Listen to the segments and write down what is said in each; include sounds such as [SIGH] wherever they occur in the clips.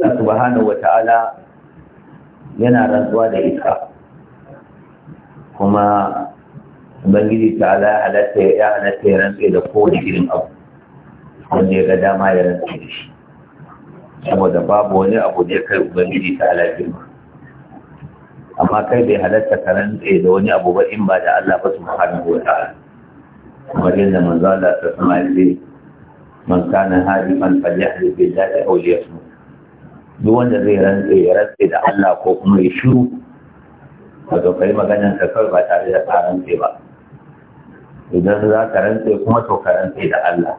subhanahu wa ta'ala yana rantsuwa da iska kuma ubangiji ta'ala ya halatta ya halatta ya rantsa da kowane irin abu wanda ya ga dama ya rantsa da shi saboda babu wani abu da ya kai ubangiji ta'ala girma amma kai bai halatta ka rantsa da wani abu ba in ba da Allah ba subhanahu wa ta'ala kamar yadda manzo Allah ta sama ya ce man kana da ya billahi aw liyasmut duk wanda zai rantse ya rantse da Allah ko kuma ya shiru a kai maganar ka kawai ba tare da ka ba idan za ka rantse kuma to ka rantse da Allah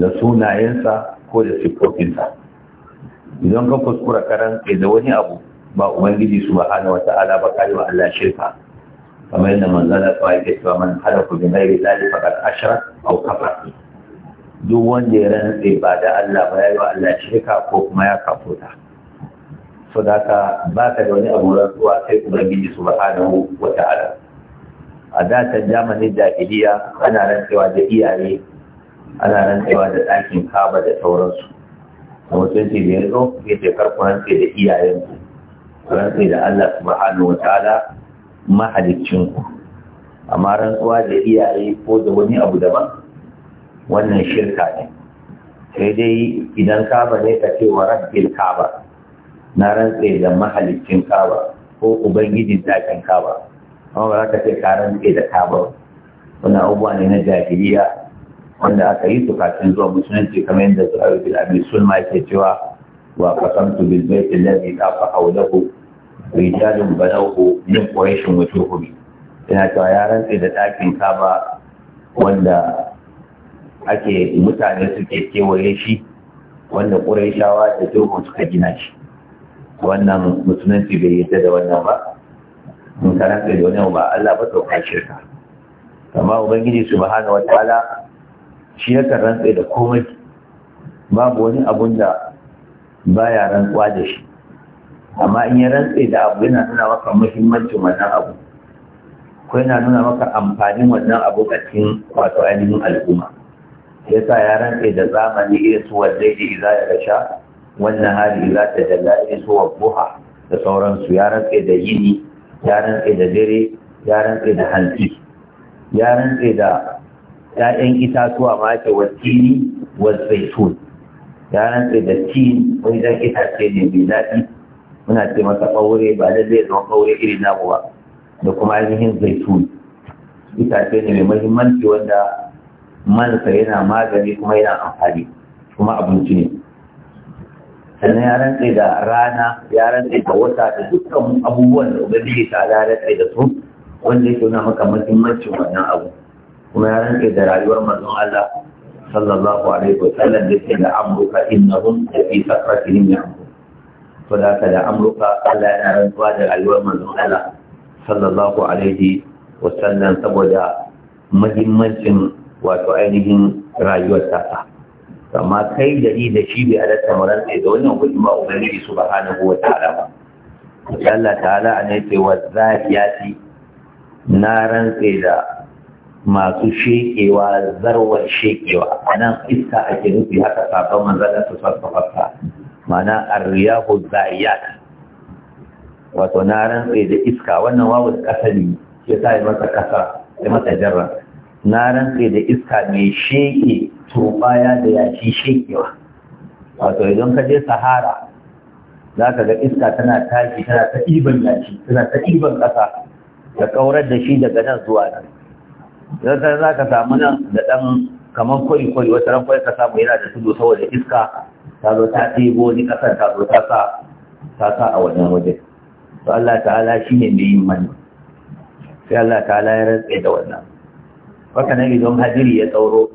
da sunayensa ko da siffofinsa idan ka kuskura ka rantse da wani abu ba ubangiji su wata ala ba kai wa Allah shirka kamar yadda manzana ta yake cewa man halaku bi ghairi zalika faqad ashirar aw duk wanda ya rantse ba da Allah ba ya yi wa Allah shirka ko kuma ya kafo ta. so da ka ba ka da wani abu rantsuwa sai ubangiji subhanahu wa ta'ala a datan zamanin jahiliya ana rantsewa da iyaye ana rantsewa da ɗakin kaba da sauransu da ce da zo, ya ce karku rantse da iyayenku rantse da Allah su subhanahu wa ta'ala mahalicinku amma rantsuwa da iyaye ko da wani abu daban wannan shirka ne sai dai idan kaba ne ka ce wa rabbil kaba na rantse da mahalicin kaba ko ubangijin dakin kaba amma ba za ka ce ka rantse da kaba wannan abubuwa ne na jahiliya wanda aka yi su kafin zuwa musulunci kamar yadda zuwa bil abi sulma ke cewa wa qasamtu bil bayt alladhi qafa hawlahu rijalun balawhu min quraish wa turhum yana cewa ya rantse da dakin kaba wanda ake mutane suke kewaye shi wanda ƙuraishawa da jihun suka gina shi wannan musulunci bai yadda da wannan ba mun karanta da wani ba Allah ba to kai shirka amma ubangiji wata ala? shi ya karanta da komai babu wani abun da baya rantsuwa da shi amma in ya rantse da abu yana nuna maka muhimmancin wannan abu ko yana nuna maka amfanin wannan abu a cikin wato ainihin al'umma ya sa ya rantse da zamani iya suwar daidai za ya rasha wannan hali za ta jalla iya suwar buha da sauransu ya rantse da yini ya rantse da dare ya rantse da hanti ya rantse da ‘ya'yan itatuwa ma ke watini wa zaitun ya rantse da tin wani zan itace ne mai daɗi muna ce masa ɓaure ba da zai zama ɓaure irin namu ba da kuma ainihin zaitun itace ne mai mahimmanci wanda malaka yana magani kuma yana amfani kuma abinci ne sannan ya rantse da rana ya rantse da wata da dukkan abubuwan da ya ta ala rantse da su wanda yake nuna maka muhimmancin wannan abu kuma ya rantse da rayuwar manzon Allah sallallahu alaihi wa sallam da yake da amruka innahum da fi sakratihim ya'mun to da ka da amruka Allah yana rantsuwa da rayuwar manzon Allah sallallahu alaihi wa sallam saboda muhimmancin wato ainihin rayuwar tasa amma kai da ni da shi bai halatta maranta rantsa da wannan su ba hana subhanahu wa alama. ba Allah ta'ala an yace wa zariyati na rantse da masu shekewa zarwar shekewa a nan iska ake nufi haka sabon manzanar su sarfafarsa mana arriyahu zariyat wato na rantse da iska wannan wawu ne ya sa ya masa kasa ya masa jarra na rantse da iska mai sheke turbaya da yashi shekewa wato idan ka je sahara za ka ga iska tana tashi tana ta ɗiban yaki tana ta ɗiban ƙasa ta kaurar da shi daga nan zuwa nan zata za ka samu nan da ɗan kamar kwai-kwai wata ran kwai ka samu yana da tudu saboda iska ta zo ta ɗebo wani ƙasar ta zo ta sa ta sa a wannan waje to Allah ta'ala shine mai yin mani sai Allah ta'ala ya rantse da wannan haka nan idan hadiri ya tsauro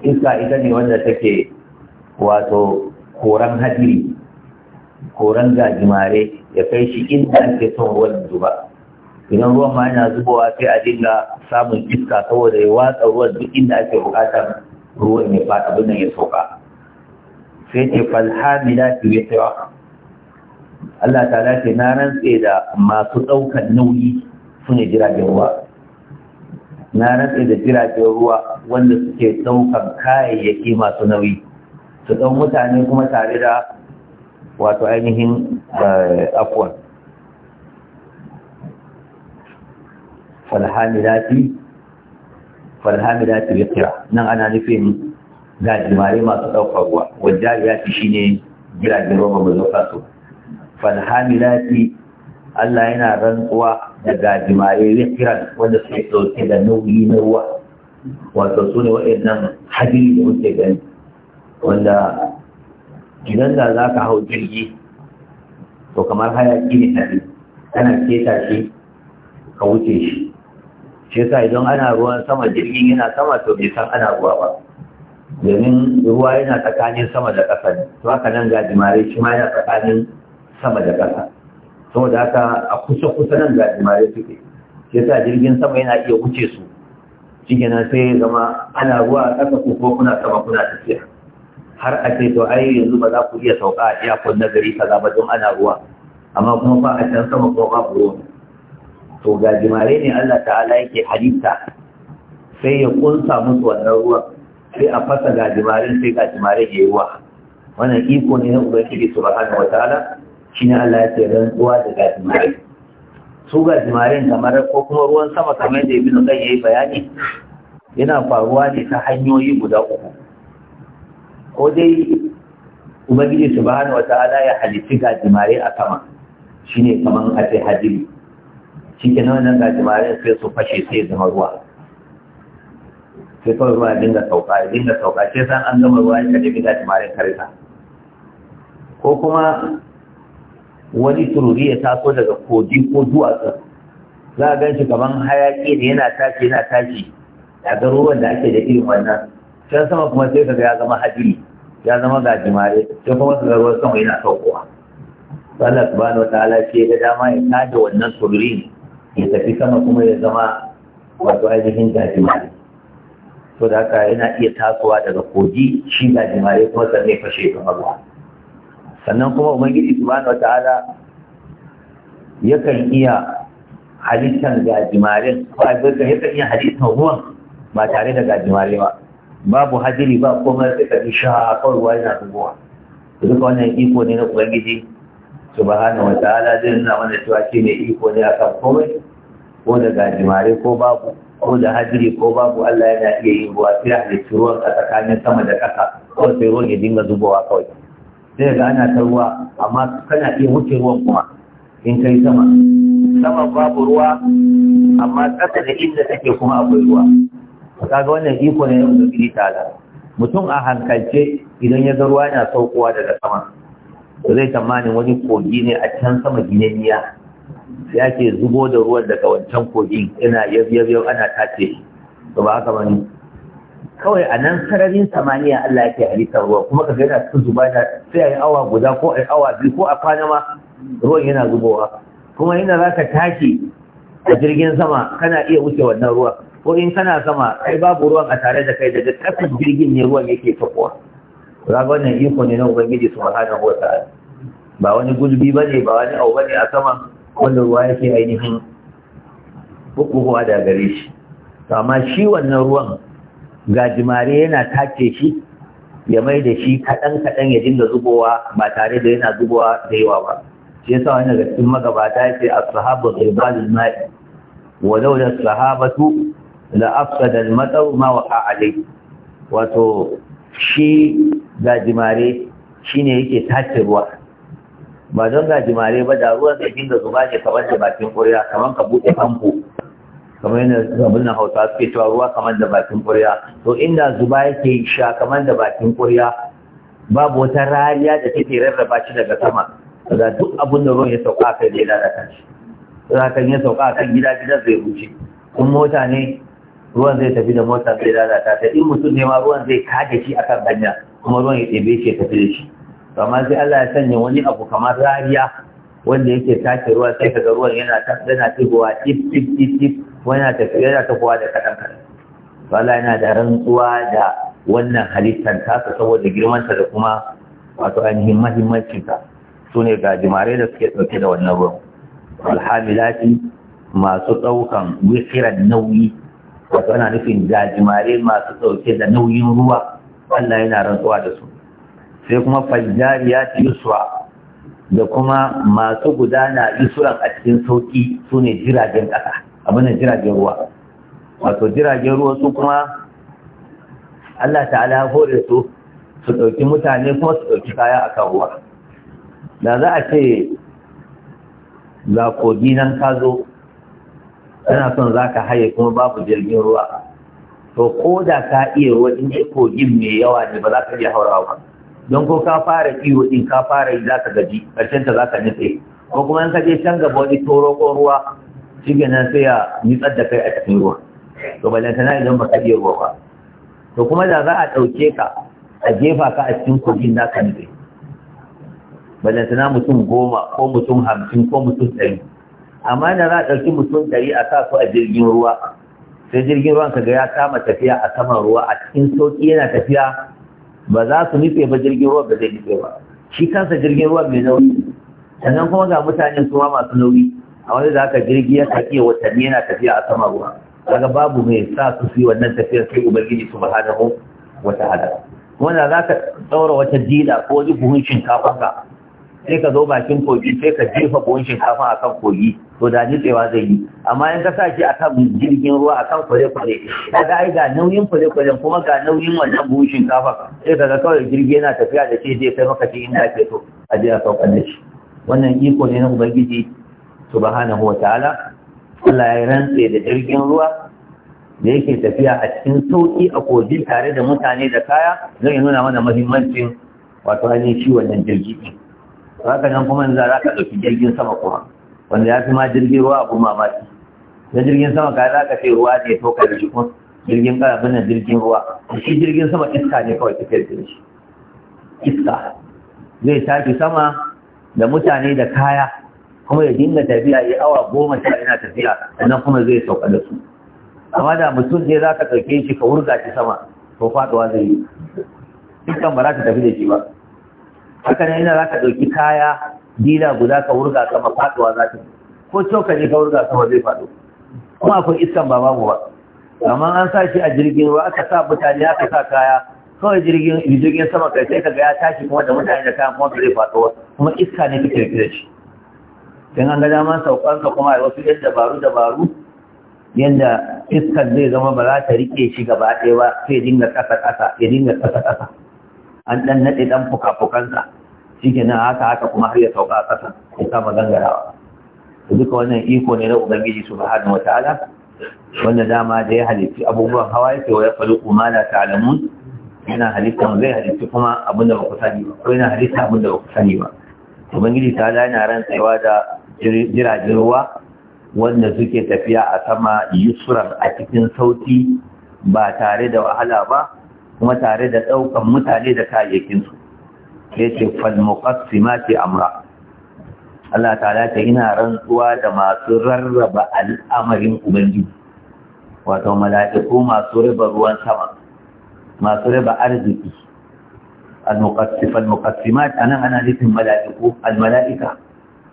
iska ita ne wanda take wato koran hadiri koran gajimare ya kai shi inda ake son ruwan zuba idan ruwan ma yana zubowa sai a dinga samun iska saboda ya watsa ruwan duk inda ake bukatar ruwan ya faɗa abin ya sauka sai ce falhamila fi witra Allah ta lafi na rantse da masu ɗaukar nauyi su ne jiragen ruwa na rantse da jiragen ruwa wanda suke ɗaukar kayayyaki masu nauyi su ɗan mutane kuma tare da wato ainihin eh, afuwan falhamidati falhamidati bikira nan ana nufin jimare masu ɗaukar ruwa ya shi shine jiragen ruwa ba zo Falhami falhamidati Allah yana rantsuwa jima'i gajimare wikiran wanda suke ɗauke da nauyi na ruwa wato su ne waɗannan hadiri da muke gani wanda idan da za ka hau jirgi to kamar hayaki ne hadi kana keta shi ka wuce shi shi yasa idan ana ruwan sama jirgin yana sama to bai san ana ruwa ba domin ruwa yana tsakanin sama da ƙasa ne to haka nan jima'i shi ma yana tsakanin sama da ƙasa saboda haka a kusa kusa nan da jimare suke sai sa jirgin sama yana iya wuce su shikenan sai ya zama ana ruwa a ƙasa ko kuna sama kuna tafiya har a ce to ai yanzu ba za ku iya sauka a iyakon na gari kaza ba don ana ruwa amma kuma ba a can sama kuma babu ruwa to ga jimare ne Allah ta'ala yake halitta sai ya kunsa musu wannan ruwa. sai a fasa ga jimarin sai ga jimare ya yi ruwa wannan iko ne na ubangiji subhanahu wataala shi ne Allah ya ce ruwa da gajimare su gajimare kamar ko kuma ruwan sama kamar da nukan ya yi bayani yana faruwa ne ta hanyoyi guda uku ko dai ubangiji wata ala ya halitti gajimare a sama ne kaman a ce hadiri shike nan wannan gajimare sai su fashe sai zama ruwa sai kawai ruwa dinga sauka dinga sauka sai san an gama ruwa ya tafi gajimare karita ko kuma wani tururi ya taso daga kogi ko duwatsu za a gan shi kaman hayaƙi ne yana tashi yana tashi a garuruwan da ake da irin wannan can sama kuma sai kaga ya zama hadiri ya zama ga jimare sai kuma su garuruwan sama yana saukowa Allah subhanahu wataala ce ga dama ya tada wannan tururin ya tafi sama kuma ya zama wato ainihin gajimare to da haka yana iya tasowa daga kogi shi jimare kuma sannan ya fashe kamar ruwa sannan kuma ubangiji subhanahu wataala yakan iya halittar gajimarin kwaibirka yakan iya halittar ruwan ba tare da gajimare ba babu hajiri ba kuma sai ka ji sha kawai ruwa yana dubowa duka wannan iko ne na ubangiji subhanahu wataala zai nuna mana cewa shi ne iko ne a kan komai ko da gajimare ko babu ko da hajiri ko babu Allah yana iya yin ruwa sai halittu ruwan a tsakanin sama da ƙasa ko sai ruwan ya dinga zubowa kawai sai ga ana ta ruwa amma kana iya wuce ruwan kuma in kai sama sama babu ruwa amma tsaka da inda take kuma akwai ruwa kaga wannan iko ne na ta ta'ala mutum a hankalce idan ya ga ruwa yana saukowa daga sama to zai tamanin wani kogi ne a can sama gineniya ya ke zubo da ruwan daga wancan kogin yana yabyab ana tace to ba haka bane kawai a nan sararin samaniya Allah yake halittar ruwa kuma ka yana cikin zuba da sai a yi awa guda ko a yi awa biyu ko a kwana ma ruwan yana zubowa kuma ina za ka tashi a jirgin sama kana iya wuce wannan ruwan ko in kana sama kai babu ruwan a tare da kai daga ƙasar jirgin ne ruwan yake tafowa za wannan iko ne na ubangiji subhanahu wa wata ba wani gulbi bane ba wani abu bane a sama wanda ruwa yake ainihin bukukuwa da gare shi amma shi wannan ruwan gajimare yana tace shi ya mai da shi kaɗan-kaɗan ya dinga zubowa ba tare da yana zubowa da yawa ba shi yasa wani daga cikin magabata ya ce a sahaba zaibalin ma'i walau da sahabatu la afsada al ma wa alai wato shi gajimare shine yake tace ruwa ba don gajimare ba da ruwan da dinga zuba ne kamar da bakin ƙuriya kamar ka buɗe famfo kamar yana abin na hausa suke cewa ruwa kamar da bakin kurya to inda zuba yake sha kamar da bakin kurya babu wata rariya da take rarraba shi daga sama da duk abin da ruwan ya sauka a kai zai lalata shi kan ya sauka a kan gida gidan zai rushe kun mota ne ruwan zai tafi da mota zai lalata ta in mutum ne ma ruwan zai kaje shi a kan hanya kuma ruwan ya ɗebe shi ya tafi da shi amma sai Allah ya sanya wani abu kamar rariya wanda yake take ruwa sai kaga ruwan yana yana tigowa tif tif tif Kuma yana tafiya yana tafiya da kaɗan kaɗan to Allah yana da rantsuwa da wannan halittar tasa saboda girmanta da kuma wato ainihin mahimmancinta su ne gajimare da suke ɗauke da wannan ruwan alhamilati masu ɗaukan wikiran nauyi wato ana nufin gajimare masu ɗauke da nauyin ruwa Allah yana rantsuwa da su sai kuma fajjariyati yusuwa da kuma masu gudana yusuwan a cikin sauƙi su ne jiragen ƙasa abin da jiragen ruwa wato jiragen ruwa su kuma Allah ta'ala ya hore su su ɗauki mutane kuma su ɗauki kaya a kan ruwa da za a ce za kogi nan ka zo kana son za ka haye kuma babu jirgin ruwa to ko da ka iya ruwa in ji kogin mai yawa ne ba za ka iya haurawa ba don ko ka fara iyo din ka fara yi za ka gaji ƙarshen ta za ka nufe ko kuma in ka je can gaba wani toro ko ruwa shige nan sai ya nitsar da kai a cikin ruwa to balantana idan ba ka iya ruwa ba to kuma da za a ɗauke ka a jefa ka a cikin kogin naka nitse balantana mutum goma ko mutum hamsin ko mutum ɗari amma da za a ɗauki mutum ɗari a sa su a jirgin ruwa sai jirgin ruwan ga ya kama tafiya a saman ruwa a cikin sauƙi yana tafiya ba za su nufe ba jirgin ruwa ba zai nufe ba shi kansa jirgin ruwa mai nauyi sannan kuma ga mutane su ma masu nauyi a wani da aka jirgi ya ya watanni yana tafiya a sama ruwa daga babu mai sa su fi wannan tafiyar sai ubangiji su mu wata hada wanda za ka ɗaura wata dila ko wani buhun shinkafa ka sai ka zo bakin kogi sai ka jefa buhun shinkafa a kan kogi to da ni tsewa zai yi amma in ka sa shi a kan jirgin ruwa a kan kwale-kwale ka ga ai ga nauyin kwale-kwale kuma ga nauyin wannan buhun shinkafa sai ka ga kawai jirgi yana tafiya da ke zai kai maka shi inda ake so a je a saukar da shi wannan iko ne na ubangiji subhanahu wa ta'ala Allah ya rantse da jirgin ruwa da yake tafiya a cikin sauki a kogi tare da mutane da kaya zai nuna mana muhimmancin wato ainihin shi wannan jirgi ɗin haka nan kuma yanzu za ka ɗauki jirgin sama kuma wanda ya fi ma jirgin ruwa abu mamaki na jirgin sama ka za ka ce ruwa ne to ka rashi kun jirgin ƙarafin na jirgin ruwa shi jirgin sama iska ne kawai tafiyar da shi iska zai tafi sama da mutane da kaya kuma ya dinga tafiya ya awa goma sha yana tafiya sannan kuma zai sauka da su amma da mutum ne za ka ɗauke shi ka wurga shi sama ko faɗuwa zai yi dukkan ba za ka tafi da shi ba haka ne ina za ka ɗauki kaya dila guda ka wurga sama faɗuwa za ta ko cokali ka wurga sama zai faɗo kuma akwai iskan ba babu ba amma an sa shi a jirgin ruwa aka sa mutane aka sa kaya kawai jirgin jirgin sama kai sai ka ga ya tashi kuma da mutane da kayan kuma zai faɗo kuma iska ne kike da shi in an ga dama saukansa kuma a wasu yadda dabaru dabaru yadda iskar zai zama ba za ta rike shi gaba ɗaya ba sai dinga ƙasa ƙasa ya dinga ƙasa ƙasa an ɗan naɗe ɗan fuka-fukansa shi ke haka haka kuma har ya sauka a ƙasa ya kama gangarawa da duka wannan iko ne na ubangiji su bahadin wata'ala wanda dama da ya halitti abubuwan hawa yake wa ya faru kuma da ta'alamun yana halitta zai halitti kuma abin da ba ku sani ba ko yana halitta abin da ba ku sani ba ubangiji ta yana rantsewa da jiragen ruwa wanda suke tafiya a sama yusuran a cikin sauti ba tare da wahala ba kuma tare da ɗaukan mutane da kayayyakinsu ya ce falmuqassimati amra Allah Ta ta'ala ta ina rantsuwa da masu rarraba al'amarin ubangiji wato mala'iku masu raba ruwan sama masu raba arziki al-muqassif al-muqassimat anan ana nufin mala'iku al-mala'ika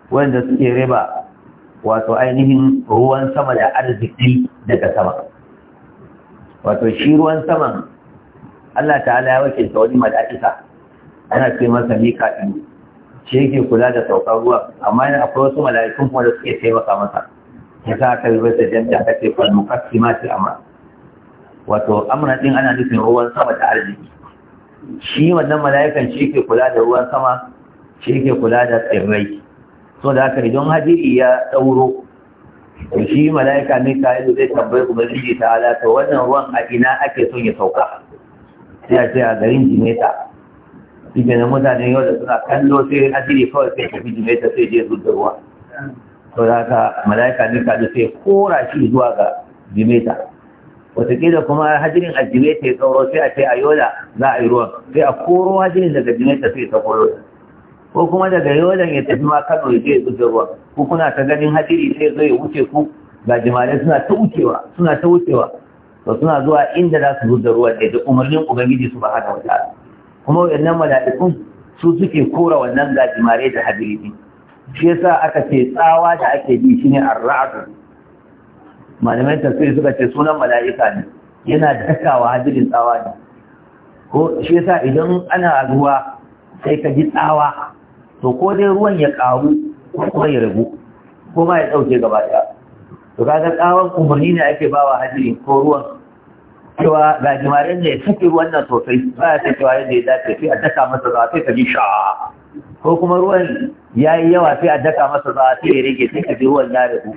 suke riba wato ainihin ruwan sama da arziki daga sama wato shi ruwan saman Allah ta'ala ya wakilta wani mala'ika ana ce masa mika'il shi yake kula da saukar ruwa amma yana akwai wasu mala'ikun kuma da suke taimaka masa ya sa aka yi wata ce ma ce amma wato din ana nufin ruwan sama da arziki shi wannan mala'ikan shi ke kula da ruwan sama shi ke kula da tsirrai so da haka idan hajji ya tsauro to shi mala'ika mika'ilu zai kuma ubangiji ta ala to wannan ruwan a ina ake son ya sauka sai a ce a garin jimeta shi na mutane yau da suna kallo sai hadiri kawai sai tafi jimeta sai je zuwa ruwa So da aka, mala'ika mika'ilu sai kora shi zuwa ga jimeta wataƙila kuma hajjirin a ta ya tsoro sai a ce a yola za a yi ruwan sai a koro hajjirin daga jimeta sai ta koro ko kuma daga yola ya tafi ma kano ya je ya tsoro ruwa ko kuna ta ganin hajjiri sai zai wuce ku ga jimalai suna ta wucewa suna ta wucewa to suna zuwa inda za su zuba ruwa da da umarnin ubangiji su ba haɗa wata kuma wayannan mala'ikun su suke kora wannan gajimare da hajjiri din shi yasa aka ce tsawa da ake bi shine ar-ra'd malamai tafsiri suka ce sunan mala'ika ne yana dakawa hadirin tsawa ne ko shi yasa idan ana ruwa sai ka ji tsawa to ko dai ruwan ya karu ko kuma ya ragu ko ma ya dauke gaba ɗaya to kaga tsawon umarni ne ake bawa hadirin ko ruwan cewa ga jimarin ne saki ruwan nan sosai ba ya cewa yadda ya dace sai a daka masa zawa sai ka ji sha ko kuma ruwan ya yi yawa sai a daka masa zawa sai ya rage sai ka ji ruwan ya ragu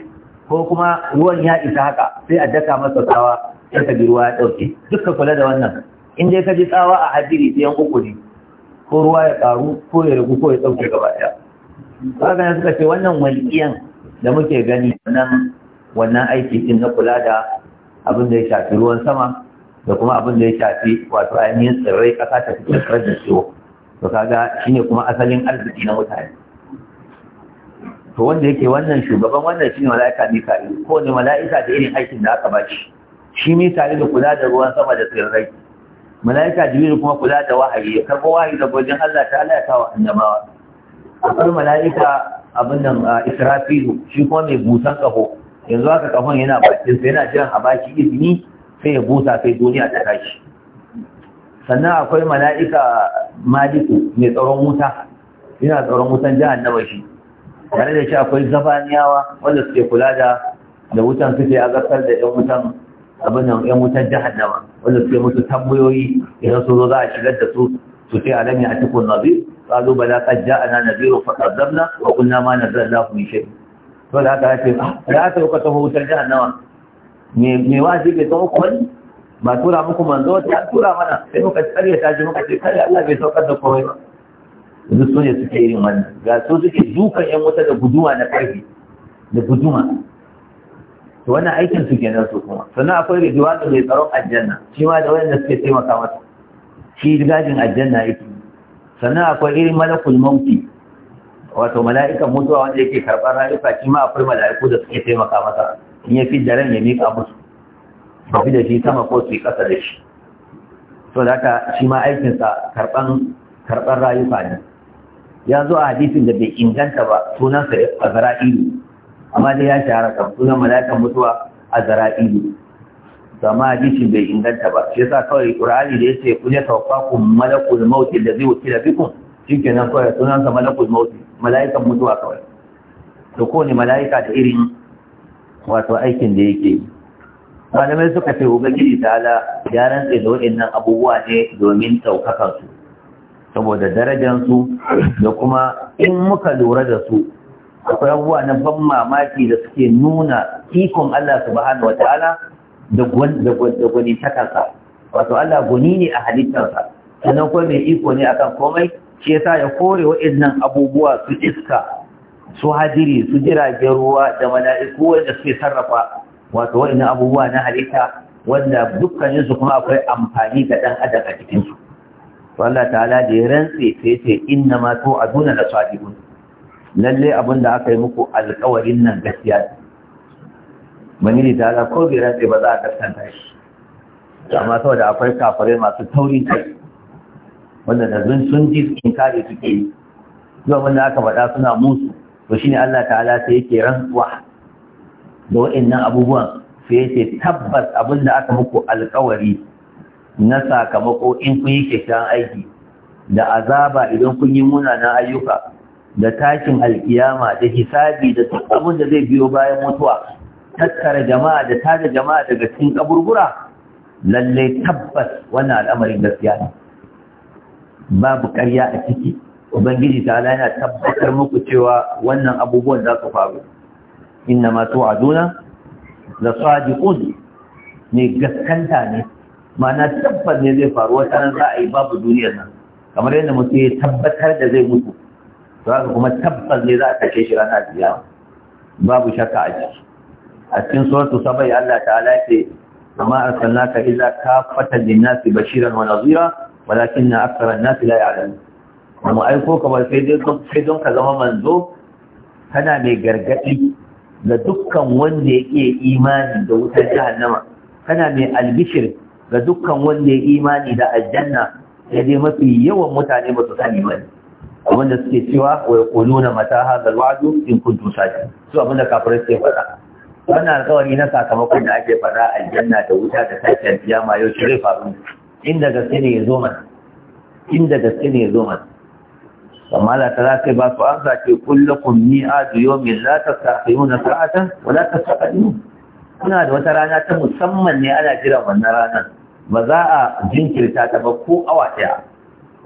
ko kuma ruwan ya isa haka sai a daka masa tsawa sai ka ruwa ya ɗauke dukka kula da wannan in dai ka ji tsawa a hadiri sai yan uku ne ko ruwa ya ƙaru ko ya ragu ko ya ɗauke gaba ɗaya haka ne suka ce wannan walƙiyan da muke gani nan wannan aiki din na kula da abin da ya shafi ruwan sama da kuma abin da ya shafi wato ainihin tsirrai ƙasa ta fitar da ciwo to kaga shine kuma asalin arziki na mutane to wanda yake wannan shugaban wannan shi mala'ika mika'il ko ne mala'ika da irin aikin da aka ba shi shi da kula da ruwan sama da tsirrai mala'ika jibril kuma kula da wahayi ya karɓo wahayi da gojin allah ta allah ya kawo annabawa akwai mala'ika abin nan israfilu shi kuma mai busan kaho yanzu haka kahon yana bakin sa yana jiran a baki izini sai ya busa sai duniya ta tashi sannan akwai mala'ika maliku mai tsaron wuta yana tsaron wutan jihar Namashi. tare da shi akwai zabaniyawa wanda suke kula da da wutan suke azabtar da yan wutan abin nan yan wutan jahannama wanda suke musu tambayoyi idan su zo za a shigar da su su ce alam ya atikun nazir qalu bala qad ja'ana nadhiru fa kadzabna wa qulna ma nazzala Allahu min shay to da aka ce ah, da aka ka taho wutan jahannama me me wajibi ka ko wani ba tura muku manzo ta tura mana sai muka tsare ta ji muka ce kai Allah bai saukar da komai ba yanzu su ne suke yin wannan ga su suke dukan yan wuta da guduma na ƙarfi da guduma to wannan aikin su kenan su kuma sannan akwai da mai tsaron aljanna shi ma da wanda suke taimaka masa shi gajin aljanna yake sannan akwai irin malakul mauti wato mala'ikan mutuwa wanda yake karɓar rayuka shi ma akwai mala'iku da suke taimaka masa in ya fi da ran ya miƙa musu ba fi da shi sama ko su yi ƙasa da shi to da haka shi ma aikinsa karɓar rayuka ne ya zo a hadisin da bai inganta ba sunansa a zara'ilu amma dai ya shahara kan sunan mala'ikan mutuwa a zara'ilu zama hadisin bai inganta ba shi yasa kawai qur'ani da yace kun ya ku malakul maut da zai wakila bikum shikenan kawai sunansa malakul maut mala'ikan mutuwa kawai to ko ne mala'ika da irin wato aikin da yake malamai suka ce ubangiji ta'ala ya rantsa da waɗannan abubuwa ne domin ɗaukakar su saboda darajansu da kuma in muka lura da su akwai abubuwa na ban mamaki da suke nuna ikon Allah subhanahu wa ta'ala da gwani takarsa wato Allah gwani ne a halittarsa sannan kuma mai iko ne akan komai shi yasa ya kore waɗannan abubuwa su iska su hadiri su jiragen ruwa da mala'iku wanda suke sarrafa wato waɗannan abubuwa na halitta wanda dukkaninsu kuma akwai amfani ga ɗan adam a cikinsu to Allah ta'ala da ya rantse sai ce inna ma to aduna da sadiqun lalle abin da aka yi muku alƙawarin nan gaskiya ne da ta'ala ko bai rantse ba za a kaskanta shi amma saboda akwai kafare masu taurin kai wanda da zun sun ji inkari suke yi zuwa wanda aka faɗa suna musu to shine Allah ta'ala sai yake rantsuwa da wa'annan abubuwan sai yake tabbas abin da aka muku alƙawari na sakamako in kun yi kyakkyawan aiki da azaba idan kun yi munanan ayyuka da takin alkiyama da hisabi da duk abin da zai biyo bayan mutuwa tattara jama'a da tada jama'a daga cikin kaburbura lalle tabbas wannan al'amarin gaskiya ne babu karya a ciki ubangiji ta yana tabbatar muku cewa wannan abubuwan za su faru inna ma tu'aduna la sadiqun ne gaskanta ne ma'ana tabbas ne zai faru wata ran za a yi babu duniyar nan kamar yadda mutum ya tabbatar da zai mutu to haka kuma tabbas ne za a kashe shi ranar kiyama babu shakka a ciki a cikin suratu sabai Allah ta'ala ce amma arsalnaka idza kafatan lin-nasi bashiran wa nadhira walakinna aktharan nasi la ya'lamun mu aiko kamar ba sai sai don ka zama manzo kana mai gargadi ga dukkan wanda yake imani da wutar jahannama kana mai albishir ga dukkan wanda ya imani da aljanna ya dai mafi yawan mutane ba su sani ba abinda suke cewa wa yaquluna mata hadha alwa'du in kuntum sadiqin su abinda kafin suke faɗa wannan alƙawari na sakamakon da ake faɗa aljanna da wuta da sashen kiyama yau shi zai faru inda gaske ne ya zo mana inda gaske ne ya zo mana amma Allah ta zai ba su amsa ce kullakum mi'adu yawmin la tastakhiruna sa'atan wa la tastaqdimun kuna da wata rana ta musamman ne ana jiran wannan ranar ba za a jinkirta ta ba ko awa ɗaya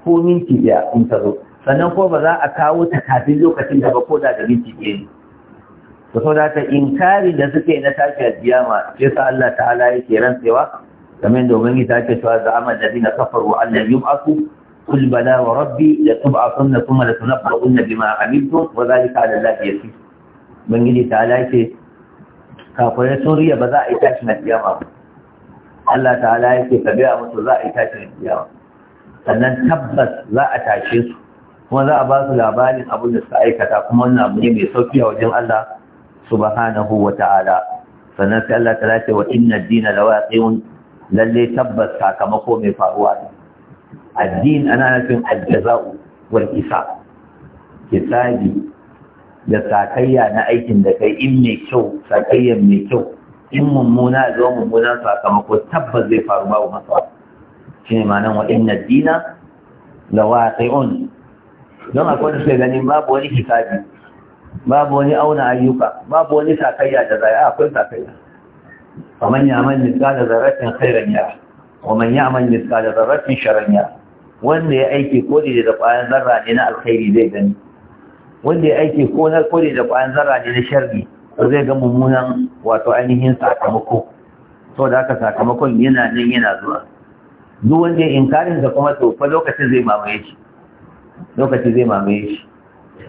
ko minti ɗaya in ta zo sannan ko ba za a kawo ta kafin lokacin da ba ko da da minti ɗaya ne to so da ta inkari da suke na tashi jiyama sai sa Allah ta'ala ke rantsewa kamar da ubangi ta ce cewa za'ama da dina kafaru Allah yub'asu قل بلى وربي لتبعثن ثم لتنبؤن بما عملتم da على الله yasi. ubangiji ta lace kafirai sun riya ba za a yi tashin ba. Allah ta'ala yake ka gaya musu za a yi tashin kiyama sannan tabbas za a tashe su kuma za a ba su labarin abin da suka aikata kuma wannan abu ne mai sauki a wajen Allah subhanahu wa ta'ala sannan sai Allah ta lace wa inna dina lawaqi'un lalle tabbas sakamako mai faruwa ne addin ana nufin aljaza'u wal isa kitabi, da sakayya na aikin da kai in mai kyau sakayyan mai kyau in mummuna ya zo mummuna sakamako tabbas zai faru babu masa shi ne ma'anar wa'in na dina lawa tsai'un don akwai da sai ganin babu wani hisabi babu wani auna ayyuka babu wani sakayya da zai akwai sakayya ومن يعمل مثقال ذرة خيرا يره ومن يعمل da zarafin sharan يره wanda ya aiki kodi da kwayan zarra ne na alkhairi zai gani wanda ya aiki ko na kodi da kwayan zarra ne na sharri zai ga mummunan wato ainihin sakamako sau da haka sakamakon yana nan yana zuwa duk wanda in inkarin da kuma to fa lokacin zai mamaye shi lokaci zai mamaye shi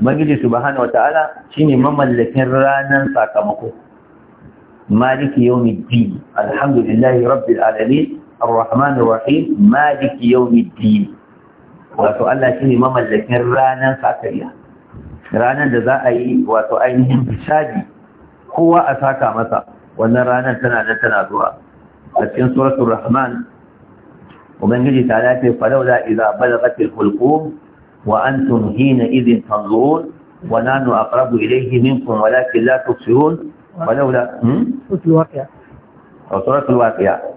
ubangiji subhanahu wataala shine mamallakin ranan sakamako maliki yawmiddin alhamdulillahi rabbil alamin arrahman rahim maliki yawmiddin wato Allah shine mamallakin ranan sakariya ranan da za a yi wato ainihin bishadi kowa a saka masa wannan ranar tana da tana zuwa a cikin suratul rahman ubangiji ta ce lafi falaula idza balagat alqulqum wa antum hina idhin tanzurun wa nanu aqrabu ilayhi minkum walakin la tubsirun falaula suratul waqi'a suratul waqi'a fa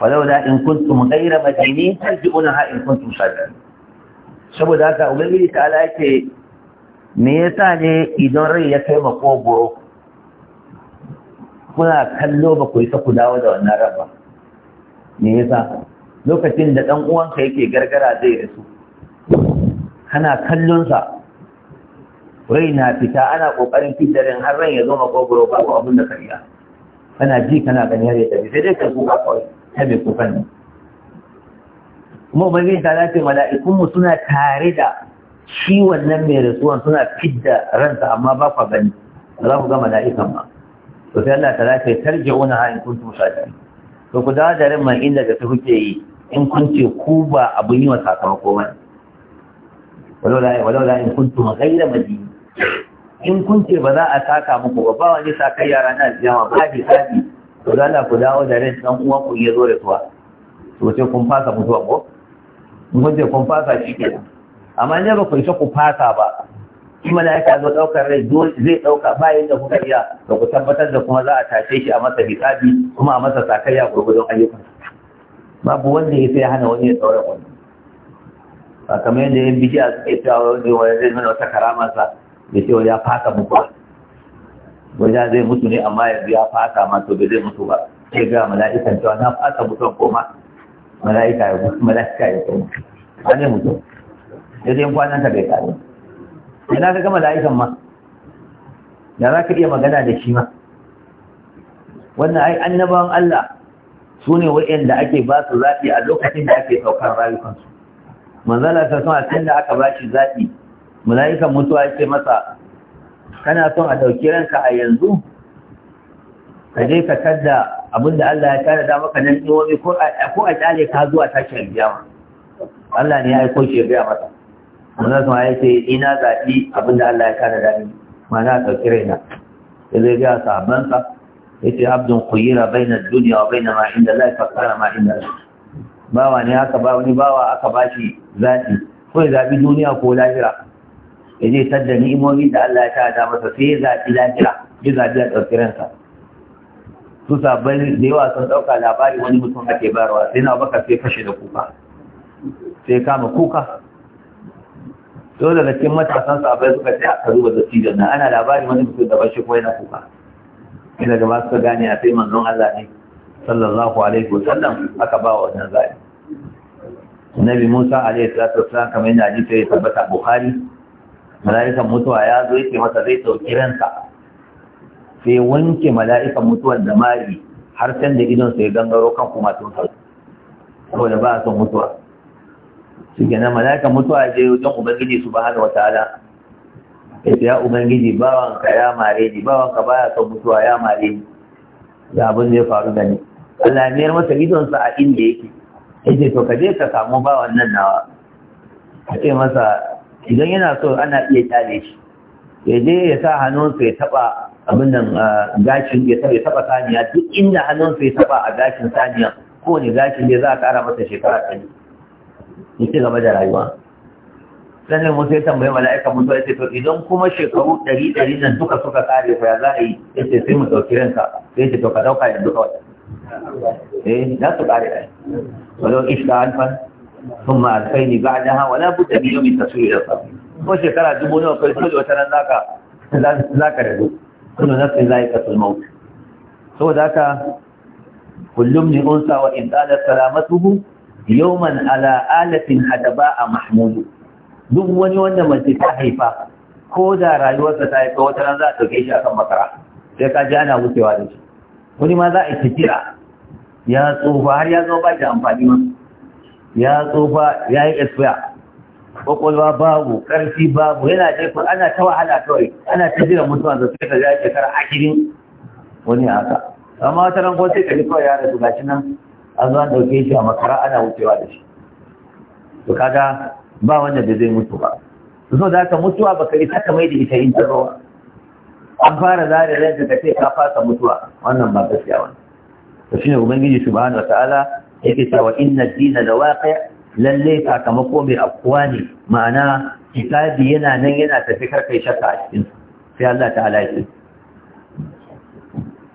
falaula in kuntum ghayra madinin tarji'unaha in kuntum sadiqin saboda haka ubangiji ta lafi me yasa ne idan rai ya kai makogoro kuna kallo ba ku yi ku dawo da wannan rabba me yasa lokacin da dan uwanka yake gargara zai rasu kana kallon sa rai na fita ana kokarin fitarin har ran ya zo makogoro ba ko abin da kariya kana ji kana gani har ya tafi sai dai ka kuka kawai ta mai kukan ne kuma ubangiji ta dace mala'ikunmu suna tare da shi wannan mai rasuwan suna fidda ransa amma ba kwa gani ba za ku ga mala'ikan ba to sai Allah ta tarje wani ha in tu sati. to ku da da rimman inda da ta kuke yi in kun ce ku ba abun yi wa sakamako ba walaula walaula in kuntum ghayra madini in kun ce ba za a saka muku ba ba wani saka yara na jama ba ki saki to da Allah ku dawo da rin dan uwan ku ya zo da tuwa to sai kun fasa mutuwa ko mun ce kun fasa shi ke amma ne ba ku isa ku fasa ba shi mala'ika zo daukar rai zai ɗauka bayan da kuka iya da ku tabbatar da kuma za a tashe shi a masa hisabi kuma a masa sakayya gurgudun ayyukan babu wanda ya sai hana wani ya daura wani ba kamar yadda yan bishiya suka yi cewa wani wani zai mana wata sa da cewa ya fasa muku wani zai mutu ne amma yanzu ya fasa ma to bai zai mutu ba sai ga mala'ikan cewa na fasa ko ma mala'ika ya mutu mala'ika ya koma ne mutu ya zai kwanan ta bai kare ina ka gama la'ikan ma da za ka iya magana da shi ma wannan ai annabawan Allah su ne wa'yanda ake ba su zaɓi a lokacin da ake ɗaukar rayukansu manzala ta suna tun da aka ba shi zaɓi mala'ikan mutuwa ya ce masa kana son a ɗauki ranka a yanzu ka je ka kadda abin da Allah ya tare da maka nan ɗin ko a ƙyale ka zuwa tashin aljiyama Allah ne ya aiko shi ya gaya masa wannan sun ya ce ina zaɓi abin da Allah ya kada da ni mana ɗauki raina ya zai ga sabansa ya ce abdun kuyira bai na duniya wa bai na ma'in da zai fakara ma'in da bawa ne aka ba wani bawa aka ba shi zaɓi ko ya zaɓi duniya ko lahira ya je tadda ni'imomi da Allah ya da masa sai ya zaɓi lahira ya zaɓi a ɗauki ransa su sabbin da yawa sun ɗauka labari wani mutum ake barawa. sai na baka sai fashe da kuka sai kama kuka to daga cikin matasan abai suka ce aka duba da tijan nan ana labari wani mutum da bashi kuma yana kuka ina da ba suka gane a sai manzon Allah ne sallallahu alaihi wa sallam aka ba wa wannan zai Nabi Musa alaihi salatu wasallam kamar yana ji sai tabbata Bukhari mala'ikan mutuwa ya zo yake masa zai dauki ransa sai wanke mala'ikan mutuwar da mari har sai da idonsa ya gangaro kan kuma tun ko da ba son mutuwa su gina malaka mala'ikan mutuwa je wajen ubangiji su bahana wa ta'ala ya ce ya ubangiji bawanka ya mare ni bawanka baya son mutuwa ya mare ni da abin da ya faru da ni Allah ya masa idonsa a inda yake ya ce to ka je ka samu bawan nan nawa ka ce masa idan yana so ana iya kyale shi ya je ya sa hannunsa ya taɓa abin nan gashin ya taɓa saniya duk inda hannunsa ya taɓa a gashin saniya kowane gashin ne za a ƙara masa shekara ɗari ya ci gaba da rayuwa sannan musa ya tambayi mala'ika musa ya ce to idan kuma shekaru ɗari ɗari nan duka suka kare fa ya za a yi ya ce sai mu ɗauki ranka sai ce to ka ɗauka yanzu kawai eh za su kare ɗari wani iska alfan sun ma alfai ne ba'da ha wala buɗe biyu mai tasiri da sa kuma shekara dubu nawa kai dole wata nan zaka zaka rabu sai zai za'iqatul maut saboda haka kullum ni unsa wa in qalat salamatuhu yawman ala alatin hadaba a mahmudu duk wani wanda mace ta haifa ko da rayuwarsa ta haifa wata ran za a ɗauke shi akan makara sai ka ji ana wucewa da shi wani ma za a yi tafiya ya tsufa har ya zama ba da amfani ma ya tsufa ya yi expire kwakwalwa babu ƙarfi babu yana ɗaifin ana ta wahala kawai ana ta jira mutuwa da suka ta ja shekara ashirin wani haka amma wata ran ko sai ka ji kawai yara su gashi nan an zo ɗauke shi a makara ana wucewa da shi to kaga ba wanda da zai mutu ba so da ka mutuwa ba ka isa ka mai da ita in tarwa an fara zare ran da kai ka fasa mutuwa wannan ba gaskiya wani to shine ubangiji subhanahu wataala yake cewa inna dina da waqi' lalle sakamako mai afkuwa ne ma'ana kitabi yana nan yana tafi karkai shakka a cikin sai Allah ta'ala ya ce